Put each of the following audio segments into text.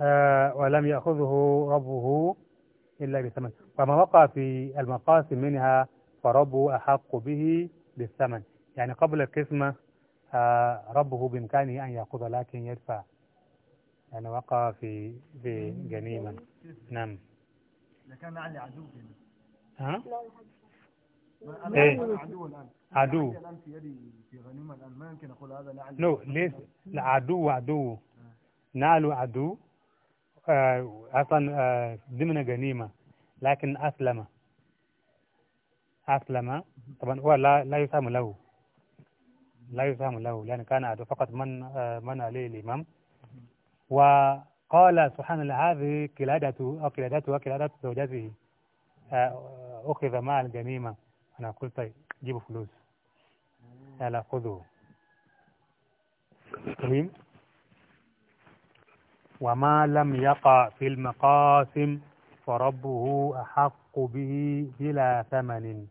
آه ولم يأخذه ربه إلا بثمن وما وقع في المقاسم منها فربه أحق به بالثمن يعني قبل القسمة آه ربه بإمكانه أن يأخذ لكن يدفع يعني وقع في في جنيمة نعم لكان علي عدو ها؟ ايه عدو الان في يدي في غنيمه الان ما يمكن اقول هذا لعل نو ليس العدو عدو نعل عدو آه. آه، اصلا آه، ضمن غنيمه لكن اسلم اسلم طبعا هو لا لا يسام له لا يسام له لان كان عدو فقط من من عليه الامام وقال سبحان الله هذه قلادته او قلادته وقلادة زوجته أخذ مع الجنيمة أنا أقول طيب جيبوا فلوس ألا خذوا تمام وما لم يقع في المقاسم فربه أحق به بلا ثمن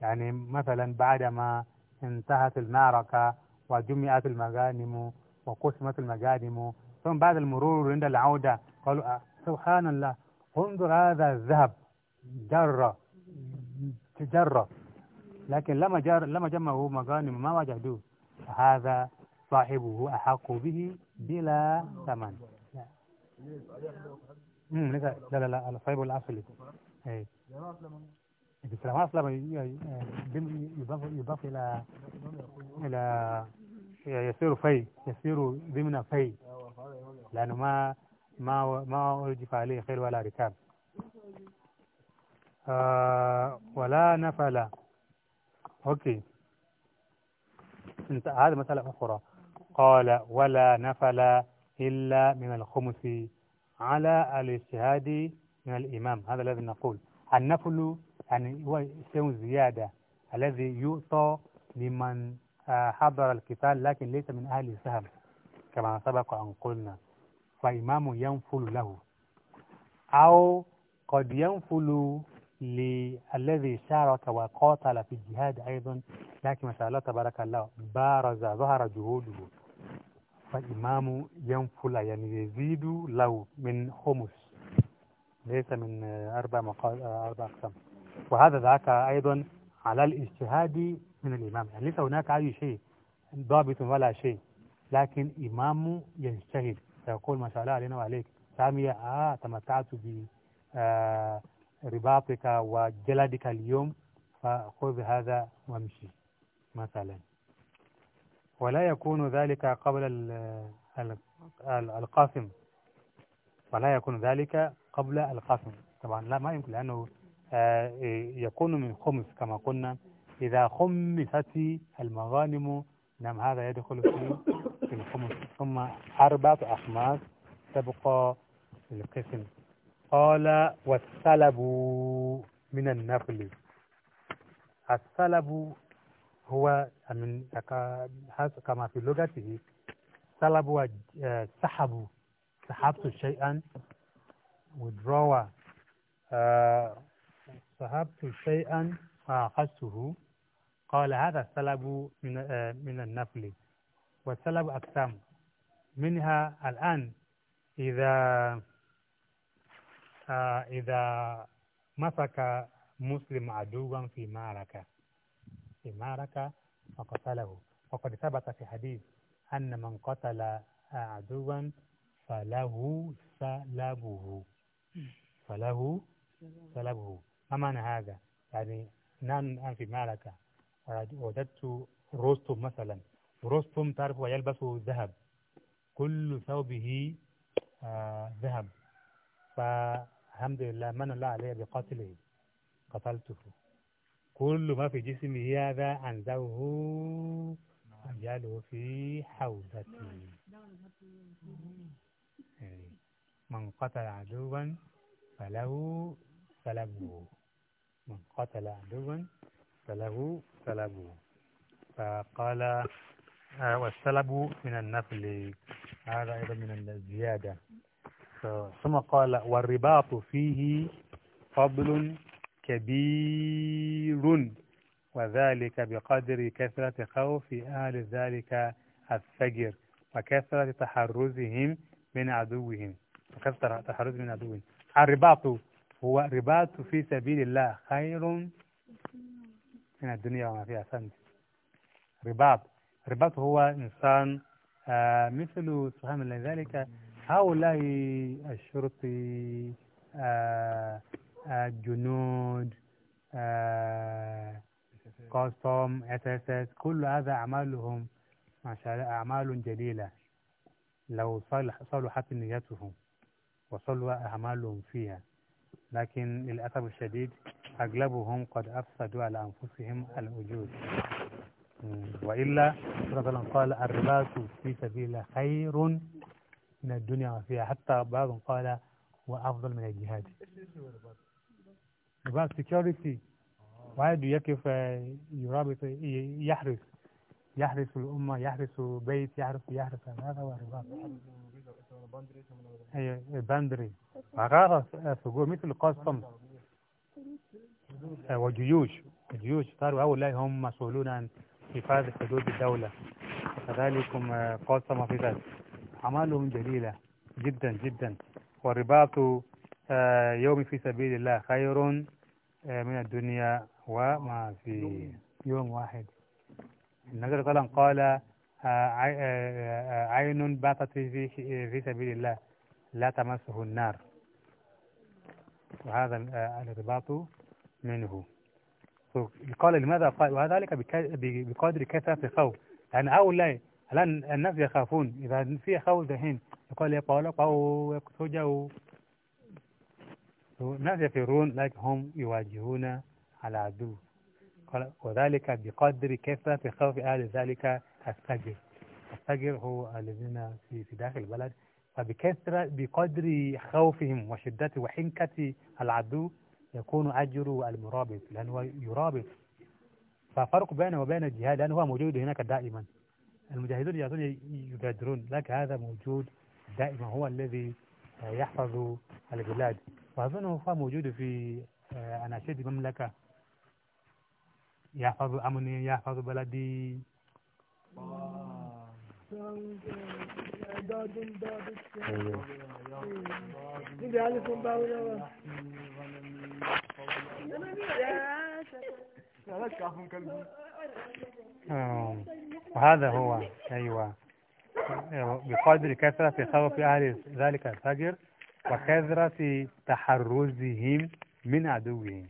يعني مثلا بعدما انتهت المعركة وجمعت المغانم وقسمت المغانم ثم بعد المرور عند العودة قالوا آه، سبحان الله انظر هذا الذهب جرة تجرب لكن لما جر لما جمعه مغانم ما وجدوه هذا صاحبه أحق به بلا ثمن لا. لا لا لا صاحب الأصلي اي الإسلام أصلا يضاف إلى إلى يصير في يصير ضمن في لأنه ما ما ما أرجف عليه خير ولا ركاب آه، ولا نفلا أوكي هذه مسألة أخرى قال ولا نفل إلا من الخمس على الاجتهاد من الإمام هذا الذي نقول النفل يعني هو شيء زيادة الذي يعطى لمن آه، حضر القتال لكن ليس من أهل السهم كما سبق أن قلنا فإمام ينفل له أو قد ينفل للذي شارك وقاتل في الجهاد أيضا لكن ما شاء الله تبارك الله بارز ظهر جهوده فالإمام ينفل يعني يزيد له من خمس ليس من أربع أربع أقسام وهذا ذاك أيضا على الاجتهاد من الإمام يعني ليس هناك أي شيء ضابط ولا شيء لكن إمام يجتهد فيقول ما شاء الله علينا وعليك سامية آه تمتعت ب آه رباطك وجلدك اليوم فخذ هذا وامشي مثلا ولا يكون ذلك قبل القاسم ولا يكون ذلك قبل القاسم طبعا لا ما يمكن لأنه آه، يكون من خمس كما قلنا إذا خمست المغانم نعم هذا يدخل في الخمس ثم أربعة أخماس تبقى القسم قال والثلب من النقل الثلب هو من كما في لغته ثلب آه، سحب سحبت شيئا withdrawal آه، سحبت شيئا فأخذته قال هذا الثلب من آه، من النفل والثلب أقسام منها الآن إذا آه، إذا مسك مسلم عدوا في معركة في معركة فقتله وقد ثبت في حديث أن من قتل عدوا فله سلبه فله سلبه ما معنى هذا؟ يعني نحن الآن في معركة وجدت رستم مثلا رستم تعرف ويلبس ذهب كل ثوبه آه، ذهب ف الحمد لله من الله علي بقتله قتلته كل ما في جسمي هذا أنزوه أجاله في حوزتي من قتل عدوا فله سلبه من قتل عدوا فله سلبه فقال آه، والسلب من النفل هذا أيضا من الزيادة ثم قال والرباط فيه فضل كبير وذلك بقدر كثرة خوف أهل ذلك الفجر وكثرة تحرزهم من عدوهم وكثرة تحرز من عدوهم الرباط هو رباط في سبيل الله خير من الدنيا وما فيها سند رباط رباط هو إنسان آه، مثل سبحان الله ذلك هؤلاء الشرطي الجنود آه، آه، آه، قسم اساس كل هذا اعمالهم ما شاء الله اعمال جليله لو صلح صلحت نيتهم وصلوا اعمالهم فيها لكن للاسف الشديد اغلبهم قد افسدوا على انفسهم الوجود والا قال الرباط في سبيل خير من الدنيا فيها حتى بعضهم قال وأفضل من الجهاد about security واحد يكف يرابط يحرس يحرس الأمة يحرس بيت يحرس يحرس هذا هو الرباط أي باندري عقارة ثقوب مثل قسم وجيوش الجيوش صاروا هؤلاء هم مسؤولون عن حفاظ حدود الدولة كذلك قسم في ذلك أعمالهم جليلة جدا جدا والرباط آه، يوم في سبيل الله خير آه، من الدنيا وما في يوم واحد النبي صلى الله قال آه، عين باتت في في سبيل الله لا تمسه النار وهذا الرباط منه قال لماذا قال وذلك بقدر كثرة الخوف يعني هؤلاء الآن الناس يخافون إذا في خوف دحين يقول يبقى لقوا يقتجوا الناس يفرون لكن هم يواجهون على عدو وذلك بقدر كثرة خوف أهل ذلك السجر السجر هو الذين في في داخل البلد فبكثرة بقدر خوفهم وشدة وحنكة العدو يكون أجر المرابط لأنه يرابط ففرق بينه وبين الجهاد لأنه هو موجود هناك دائما المجاهدون يعطون يبادرون لكن هذا موجود دائما هو الذي يحفظ البلاد وأظنه هو موجود في آه، أناشيد المملكة يحفظ أمني يحفظ بلدي أيوه. آه. وهذا هو أيوة بقدر كثرة خوف أهل ذلك الفجر وكثرة تحرزهم من عدوهم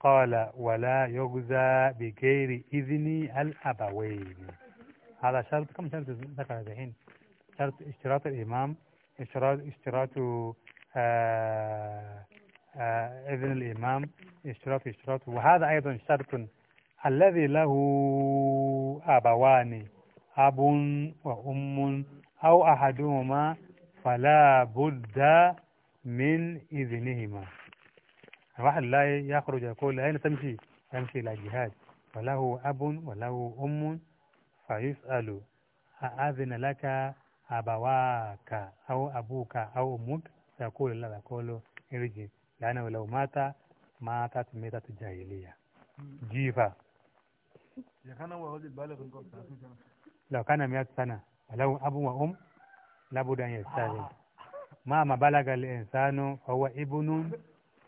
قال ولا يجزى بغير إذن الأبوين هذا شرط كم شرط ذكر الحين شرط اشتراط الإمام اشتراط اشتراط آه، آه، إذن الإمام اشتراط اشتراط وهذا أيضا شرط alladhi له abawani abun wa ummun aw ahaduhuma fala budda min idhnihima الواحد لا يخرج يقول أين تمشي يمشي إلى جهاد وله أب وله أم فيسأل أأذن لك أبواك أو أبوك أو أمك يقول لا يقول ارجع لأنه لو مات ماتت ميتة جاهلية جيفة لو كان 100 سنة ولو أب وأم لابد أن يستأذن آه. ما ما بلغ الإنسان هو ابن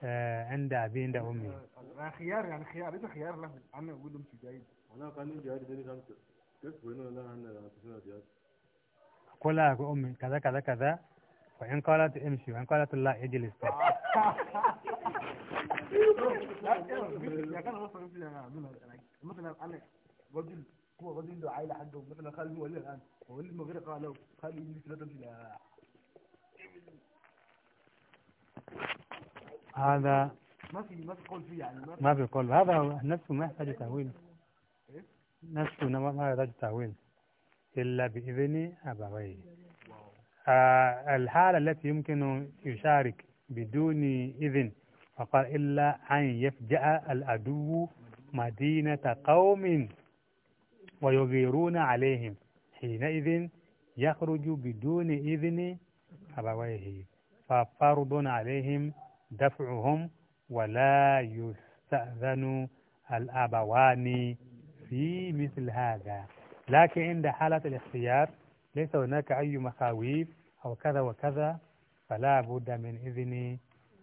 آه، عند أبي عند أمي آه، خيار يعني خيار ليس خيار له أنا أقول لهم جيد أنا قانون جهاد ديني خمسة كيف بينا بيننا أنا أن جهاد قل لها أمي كذا كذا كذا وإن قالت امشي وإن قالت لا اجلس مثلا أنا رجل هو رجل له عائلة حقه مثلا خالد هو الآن هو اللي المغرب قالوا خالي يجلس ثلاثة سلاح هذا ما في ما في قول فيه يعني ما في, قول هذا نفسه ما يحتاج تهويل إيه؟ نفسه ما يحتاج تهويل إلا بإذن أبويه آه الحالة التي يمكن يشارك بدون إذن فقال إلا أن يفجأ العدو مدينة قوم ويغيرون عليهم حينئذ يخرج بدون إذن أبويه ففرض عليهم دفعهم ولا يستأذن الأبوان في مثل هذا لكن عند حالة الاختيار ليس هناك أي مخاويف أو كذا وكذا فلا بد من إذن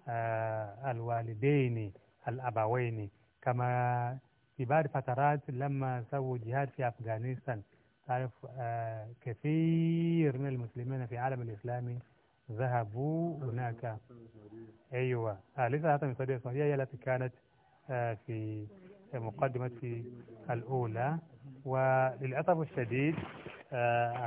آه، الوالدين الأبوين كما في بعض فترات لما سووا جهاد في أفغانستان تعرف آه، كثير من المسلمين في العالم الإسلامي ذهبوا هناك أيوة آه، ليس حتى من السعودية السعودية هي التي كانت آه، في مقدمة الأولى وللأسف الشديد